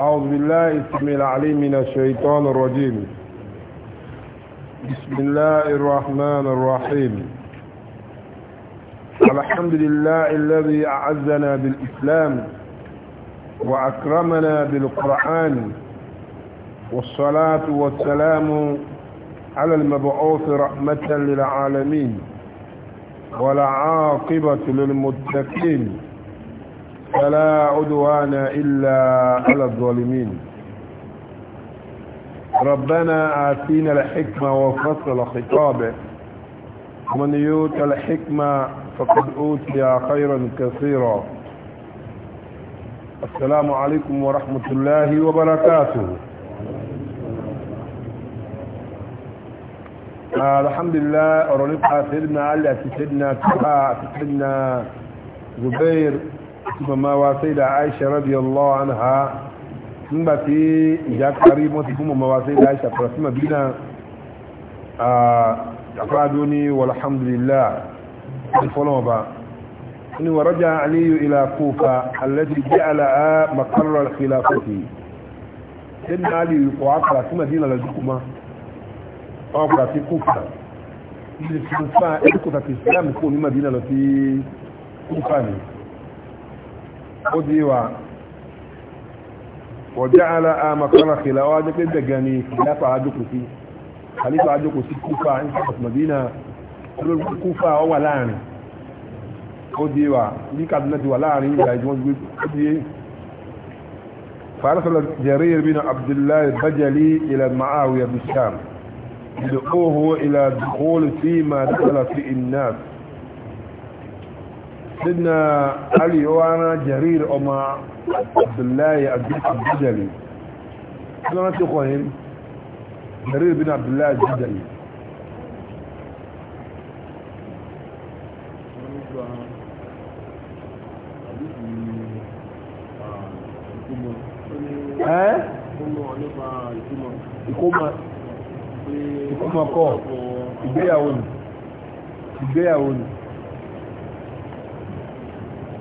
أعوذ بالله اسم العليم من الشيطان الرجيم بسم الله الرحمن الرحيم الحمد لله الذي أعزنا بالإسلام وأكرمنا بالقرآن والصلاة والسلام على المبعوث رحمة للعالمين ولا عاقبة للمتقين فلا عدوان إلا على الظالمين ربنا آتينا الحكمة وفصل خطابه ومن يوت الحكمة فقد أوتي خيرا كثيرا السلام عليكم ورحمة الله وبركاته الحمد لله أرنبها سيدنا علي سيدنا سيدنا زبير mama wa sayida aisha radiyallahu anha nígbà tí ìjà parí wọ́n ti fún mama wa sayida aisha fara sí madina àfáàdó ní walhamdulillah ìfọ́lọ́mọba ni wa raja aliyu ila kufa allati ja'ala maqarra al-khilafati ẹni àlè ìkọ̀ àpàrà sí madina lọ́dúnkùmá ọkùnrin àti kúfà ìlú ìfúnfà ẹ̀kùnfà ti islam kò ní madina lọ sí kúfà ni وديوا وجعل مكان خلافه دغني خلافه عجوكسي خليفه عجوكسي كوفه ان كانت مدينه كوفه هو لاني وديوا دي كانت ولاني جايجون ودي فارسل جرير بن عبد الله البجلي الى معاويه بالشام يدعوه الى الدخول فيما دخل فيه الناس sidna ali wana jarir ọmọ abdullahi abdujali lọ́nà tí kọ̀ yìí jarir bin abdullahi abdujali ẹ́ ìkómọ kọ́ ìgbéyàwó ni ìgbéyàwó ni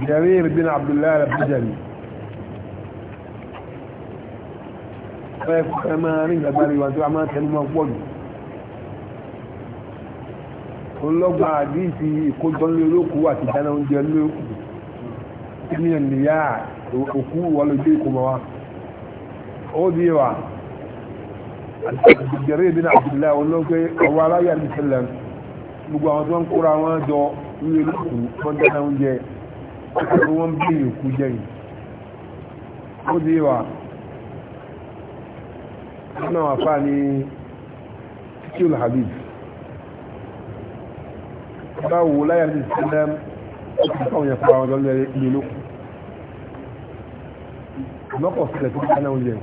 جرير بن عبد الله البجلي ثمانين أبالي وانتو عمان كلمة فوق olọ́gbà àdíìsì ìkójọ́lélókù àti ìdáná oúnjẹ lókù ní ẹ̀nìyà òkú wọlójú ìkómọ wa ó di wa àtìjẹrẹ ìbínú àbúlá olóńgbé ọwọ́ aráyà nìṣẹ̀lẹ̀ gbogbo àwọn tó ń kóra wọn jọ nílé lókù tó ń dáná oúnjẹ wọ́n bí i òkú jẹ́ yìí ó dé wà nínú àwọn afá ní títí olùhabib báwo láyà ní ìsinlẹ̀ ọkùnrin àwọn ẹ̀fà àwọn ọjọ́ ilé lókù lọ́kọ̀ sílẹ̀ tó kánà oúnjẹ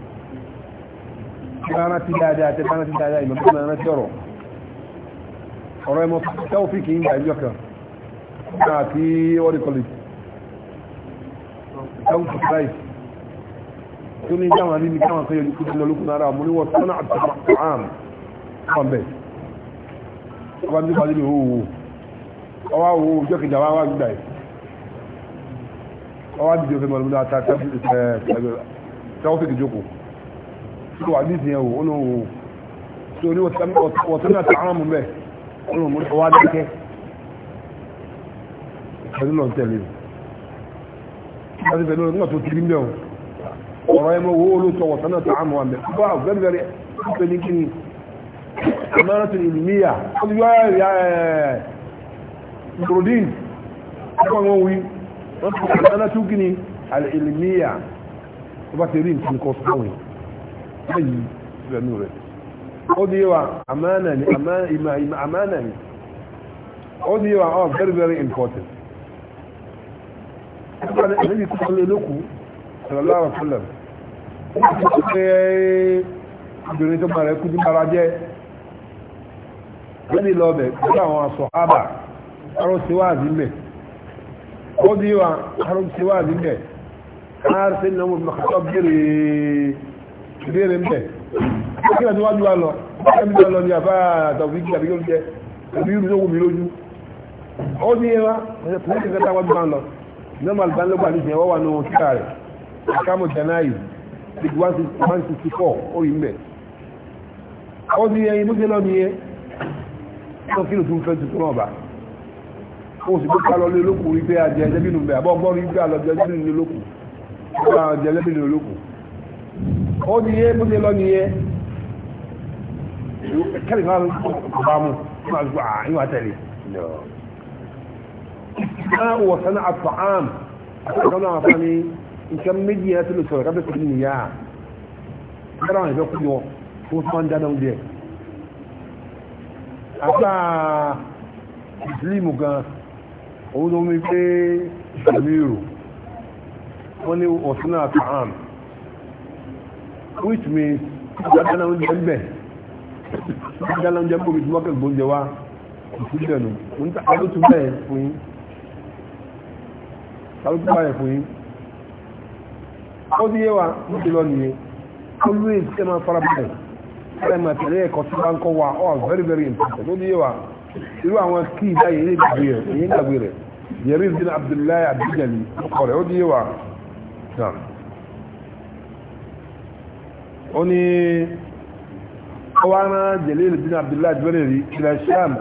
rárá ti dáadáa tẹ́ rárá ti dáadáa ìmọ̀ tó rárá ti ọ̀rọ̀ ọ̀rọ̀ ẹmọ tẹ́wọ́ fi kì í gbà ìjọ kan àti ọdí kọlẹ̀tì down to price tó ní dáwọn ní káwọn kan yọrí kúrò lọ́lọ́kùn náà mú ní wọ́n tọ́nà àti àmì wọn bẹ̀ ọba ní bá nílé owó ọwá owó ọjọ́ kejì àwọn àwọn àgbà yìí ọwá dìde òfin mọ̀lúmọ́lá àti àtàkùn ìjókòó tó wà ní ìsìn ẹ̀wò ó ní ní wọ́n tọ́nà àti àmì bẹ̀ ọwá dákẹ́ pẹ̀lú lọ́ntẹ̀lẹ́ láti fẹ́ lórí nígbàtí ó ti rí mẹ́wọ̀n ọ̀rọ̀ ẹmọ owó olóòtọ̀ wọ̀tánà tààmù àmì bá ọ̀gbẹ́gbẹ̀rẹ̀ ọ̀pẹ́ ní kíni amáràtì ìlúmíyà ó ti yọ ẹ̀yà ìgbòrodín ọkọ̀ wọn wí ni amánà ni ó di oh, very very important níbi tó lè lókù sallallahu alaihi wasallam obìnrin tó bá rẹ̀ kú ní bára jẹ́ lórí lọ́bẹ̀ pẹ̀lú àwọn aṣọ àbà arọ́ ti wá àdínbẹ̀ ó bí wa arọ́ ti wá àdínbẹ̀ láàrín sí ìnáwó mọ̀kàtọ́ bèèrè bèèrè ń bẹ̀ kí ni wájú wa lọ ẹni lọ ní àbá àtàwọn ìgbà bí ó jẹ tàbí irú tó wù mí lójú ó ní wa pẹ̀lú ìgbà táwọn bí wọn lọ normal ban lọ́gbà níṣẹ́ wọ́n wà ní ohun títà rẹ̀ akamu janayi big one sixty four orí mbẹ̀ ó sì yẹn ibú sí lọ nìyẹn tó kí ló tún fẹ́ tuntun náà bá ó sì gbọ́ká lọ lé lókù rí pé ajẹ́ ẹjẹ́ bínú mbẹ̀ àbọ̀ gbọ́rí pé àlọ́jẹ́ ẹjẹ́ bínú lókù ó bá ajẹ́ ẹjẹ́ الماء وصنع الطعام صنع فاني nǹkan méjì yẹn tó lè sọ̀rọ̀ kábẹ́ pẹ̀lú ìyá ẹ̀rọ àwọn ìfẹ́ kúrò tó fún ń dáná oúnjẹ àpá ìsìlímù gan owó tó mi pé ìsìlímù ìrò wọ́n ní ọ̀sán which means dáná oúnjẹ ń bẹ̀ dáná oúnjẹ ń bọ̀ mi tí wọ́n kẹ́ gbóúnjẹ wá ìsìlímù ìrò ń tà á tàbí fún yín ó di yé wa ó ti lọ always ẹ máa fara balẹ̀ ẹ máa tẹ̀lé ẹ̀kọ́ tí wọ́n kọ́ wa ọ very very important ó di yé wa irú àwọn kíì báyìí ilé ìgbàgbé rẹ̀ èyí ìgbàgbé rẹ̀ bin abdullahi abdulgali ọkọ rẹ̀ ó di yé wa ó ní ọwọ́ ara jẹ̀lẹ́ bin abdullahi abdulgali ilẹ̀ sham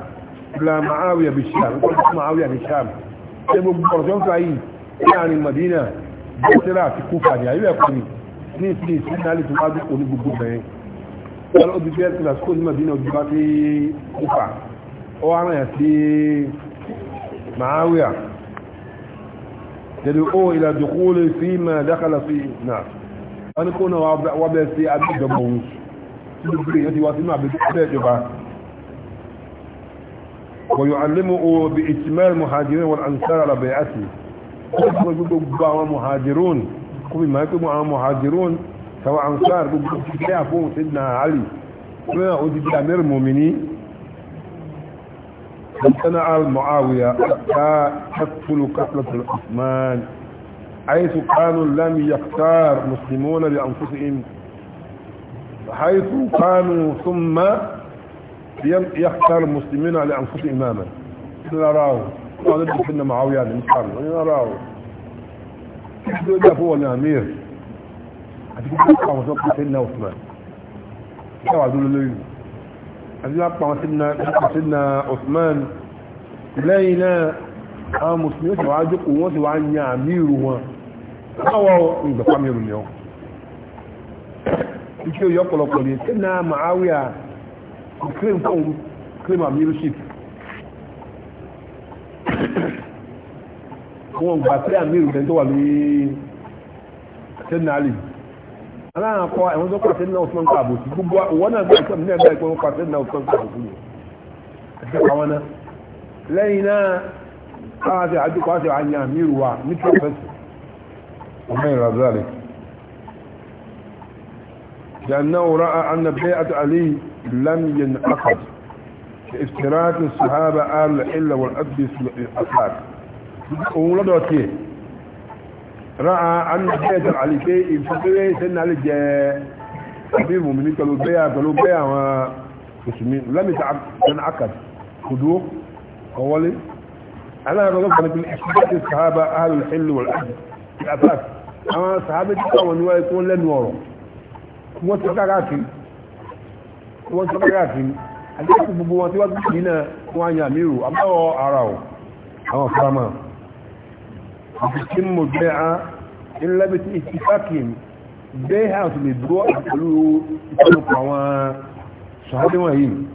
ilẹ̀ láàrin Madina bọ́sẹ̀rà àti kúfà ní ayé ẹ̀kọ́ ni ní ìpínlẹ̀ ìsìnlẹ̀ tó wájú òní gbogbo bẹ̀rẹ̀ wọ́n ó bí bẹ́ẹ̀ tí lásìkò ní Madina ojú bá sí kúfà ó wá rán yà sí Ma'awiya tẹ̀lé ó ìlà jòkó lè fi mà dákàlà sí náà wọ́n ní kó náà wá bẹ́ẹ̀ sí abẹ́jọba òun tí gbogbo èèyàn ti wá sínú abẹ́jọba ويعلمه بإجمال المهاجرين والأنصار على بيعته gbogbo àwọn muhajirun kúbi máa pé àwọn muhajirun tàwọn ansar gbogbo ilé àfóhùn sí na ali lọ́nà odidi amir mumini sana al muawiya ta tattulu katlatul usman حيث كانوا لم يختار مسلمون لأنفسهم حيث كانوا ثم يختار المسلمين لأنفسهم إماما نراه wọ́n lọ́dún sí ní Muawiya ní ìsàmì wọ́n ní rárá o kí ló dá fún wọn ní amir àti kí ló pa àwọn tó pàṣẹ ní Osman kí àwọn àdúró lórí àti ló pa àwọn sí ní Osman lẹ́yìn náà àwọn mùsùlùmí sì wáá jókòó wọ́n sì wáá yan àmírù wọn láwọ́ ìgbàpá mi rù ní ọ ìṣe òyọ́ pọ̀lọpọ̀ ní sí ní Muawiya kò kírìm fún kírìm àmírù ṣìkì wọn gbà pé àmì ìrùlẹ̀ tó wà ní sẹ́nàlì aláàrùn akọ ẹ̀wọ̀n tó pàṣẹ náà fún ọkọ̀ àbòsí gbogbo wọn náà gbà pé àmì ìrùlẹ̀ tó pàṣẹ náà fún ọkọ̀ àbòsí ni àti àwọn náà lẹ́yìn náà káwá sí àdúgbò àti àyè لأنه رأى أن بيعة علي لم ينعقد كافتراك الصحابة آل الحلة والأدب في òun lọ́dọ̀ tí ẹ̀ ráà anúgbẹ́ẹ̀tẹ̀ àlìké ìfẹ́fẹ́rẹ́ ìsẹ́nàlì jẹ́ àbíbù mi ní pẹ̀lú bẹ́yà pẹ̀lú bẹ́yà àwọn mùsùlùmí lẹ́mìtà àkàtà àkàtà kùdú ọwọ́lé aláàrẹ̀kọ́ Àdékù gbogbo wọn tí wọ́n gbìyànjú náà wọ́n á yà mírù, àbáwọ̀ ara ọ̀, àwọn fara máa. وتتم البيعة إلا باتفاقهم بيعة بالدواء يقولوا يتلقوا شهادة وهين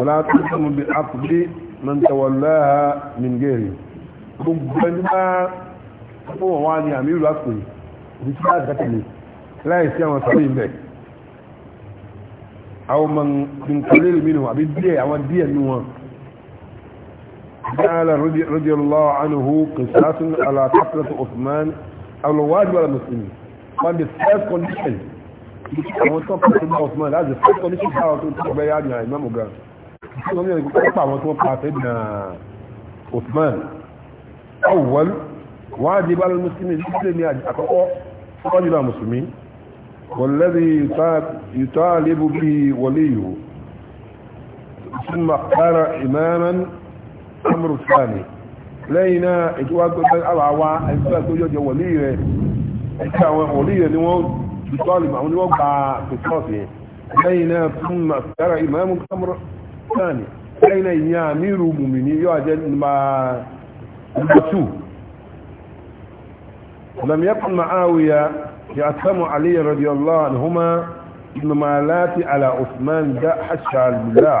ولا تتم بالعقد من تولاها من غيره ربما fún wọn ni àmì ìlú àpè ibi tí láti kẹtẹlẹ láì sí àwọn sọ̀rọ̀ ìbẹ̀ àwọn ọmọ nǹkan lè mìíràn àbí díẹ̀ àwọn díẹ̀ nù wọn جعل رضي, رضي الله عنه قصاص على قتلة عثمان الواجب على المسلمين قال بالسيف كونديشن àwọn tó pa sínú Osman láti fẹ́ tó ní sí àwọn tó tó bẹ́yà ní àìmọ́ mọ̀gá tó ní ẹgbẹ́ pa àwọn tó pa sínú Osman awwal wájib ala muslimin sílé ní àkọ́kọ́ wájib ala musulmi walladhi yutalibu bihi waliyu summa qara imaman amúrò fúlàní lẹ́yìn náà ètò wa gbé àwọn àwa ẹgbẹ́ tó yọjọ wọlé rẹ ẹgbẹ́ àwọn wọlé rẹ ni wọ́n bìtọ́ọ̀lì àwọn ni wọ́n gba bìtọ́ọ̀sì yẹn lẹ́yìn náà fún màsára ìmáàmù amúrò fúlàní lẹ́yìn náà ìyá amírù mùmìnì yóò jẹ́ nígbà tù لم يكن معاوية يأتم علي رضي الله عنهما إنما لاتي على عثمان جاء حشى بالله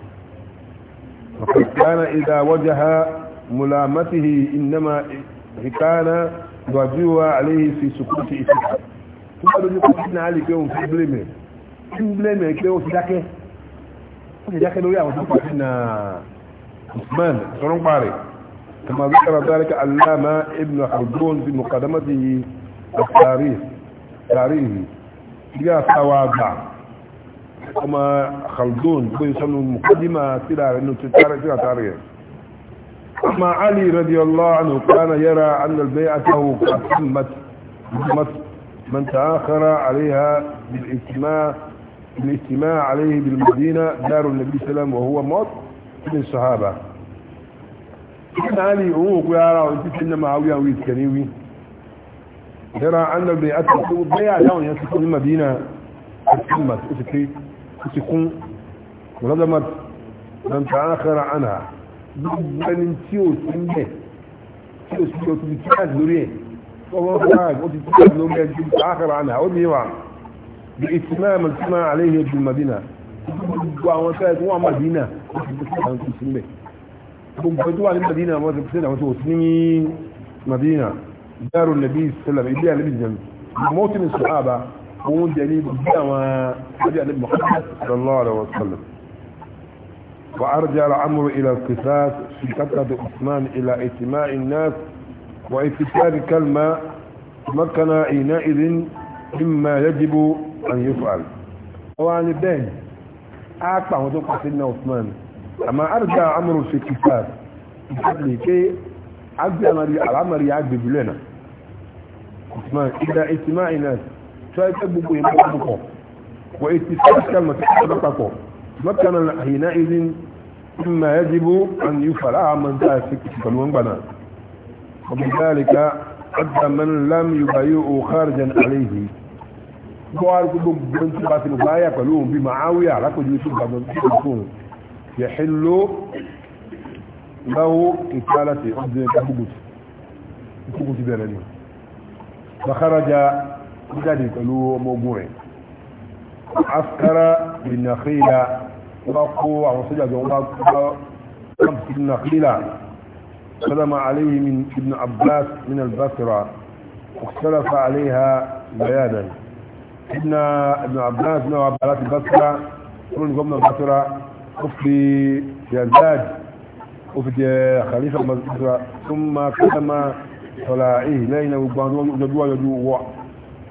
وقد كان إذا وجه ملامته إنما كان يوجهها عليه في سكوت إسحاق ثم لم يكن سيدنا علي كيوم في بلمه في بلمه كيوم في ذاكه في ذاكه لو يعود سيدنا عثمان سرون قاري كما ذكر ذلك علامة ابن خلدون في مقدمته التاريخ تاريخي جاء سواء أما خلدون ويسمى المقدمة تلا أنه تتارك تلا تارك أما علي رضي الله عنه كان يرى أن البيعة البيعته قد تمت من تآخر عليها بالاجتماع بالاجتماع عليه بالمدينة دار النبي صلى الله عليه وسلم وهو موت من الصحابة كان علي أموك يا رأى وانت سنة معاوية ويتكنيوي يرى أن البيعة تقول بيعة يوم يسكن المدينة تمت وتكريت تكون ولدمت من تآخر عنها بمن تيو سنبه تيو سنبه تتكاد نوريه وهو فاق وتتكاد نوريه تآخر عنها وديوع بإتمام السماء عليه بالمدينة وعمتات وعمدينة وتتكاد سنبه ثم فتوى على المدينة وتتكاد وتتكاد مدينة دار النبي صلى الله عليه وسلم موطن الصحابة àwọn oúnjẹ ní ibùdó àwọn ọjọ́ àlẹ́ Muhammad sallallahu alaihi wa وأرجع الأمر إلى القصاص في قتلة عثمان إلى اجتماع الناس وإفتار كلمة تمكن اينائذ مما يجب أن يفعل طبعا الدين أعطى وتوقع سيدنا عثمان أما أرجع الامر في القصاص قبل كي أرجع الأمر يعجب لنا عثمان إلى اجتماع الناس شايف أبو يمكنكم وإتساس كلمة تحبطكم مكان حينئذ مما يجب أن يفعل من تأسك تكلمون بنا ومن ذلك حتى من لم يبايعه خارجا عليه قوار كدوم بنت قاتل مبايع كلهم بمعاوية على كل يوسف بن يحل له قتالة أبو قتالة بيراني فخرج jáde pẹ̀lú ọmọ عسكر بالنخيلة وقوة وصجة wọ́n kó النخيلة سلم عليه من ابن عباس من البصرة واختلف عليها بيادا ابن ابن عباس من عبارات البصرة ومن قبل البصرة وفي جزاج وفي خليفة البصرة ثم كلم صلاعيه لين وقالوا يدوا يدوا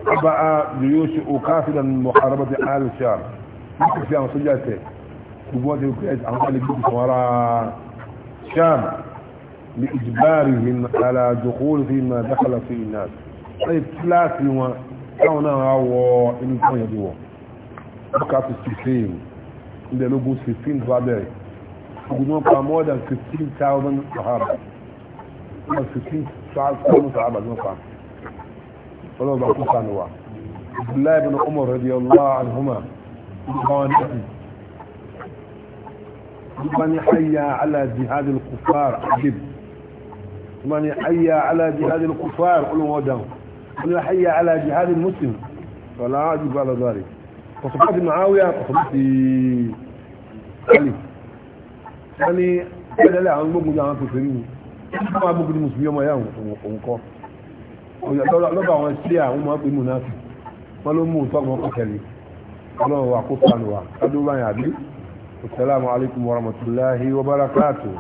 أبعى جيوش أكافلا من محاربة آل الشام يكفي في مسجاته قبوات يكفي عن ذلك وراء الشام لإجبارهم على دخول فيما دخل في الناس أي ثلاث يوم كونا هو إن كان يدوه وكاف السفين إذا لقوا السفين فابعي يقولون قام more than 15,000 صحابة 15,000 صحابة ما فهمت ọlọ́ba kú sànù wa abdullahi bin umar radiyallahu anhuma báwọn dẹ́kun bani hayya ala jihad al-kufar ajib bani hayya ala jihad al-kufar olùwọ́ dáhùn bani hayya ala jihad al-muslim wàlá ajib ala zari kọ̀sọ̀kọ́ ti ma'áwíyà kọ̀sọ̀kọ́ ti alì wọ́n ni ẹ̀dẹ́lẹ̀ àwọn gbógun jẹ́ àwọn kòfèrí ni wọ́n máa gbógun ní musulmi ọmọ yà òun kọ́ lọ́ba àwọn sí àwọn ọmọ pé múnáfì wọ́n ló mú ìtọ́ ọmọ kọ̀kẹ́lẹ̀ ọlọ́run wa kó sànù wa adúláyà bí assalamu alaikum warahmatullahi wabarakatuh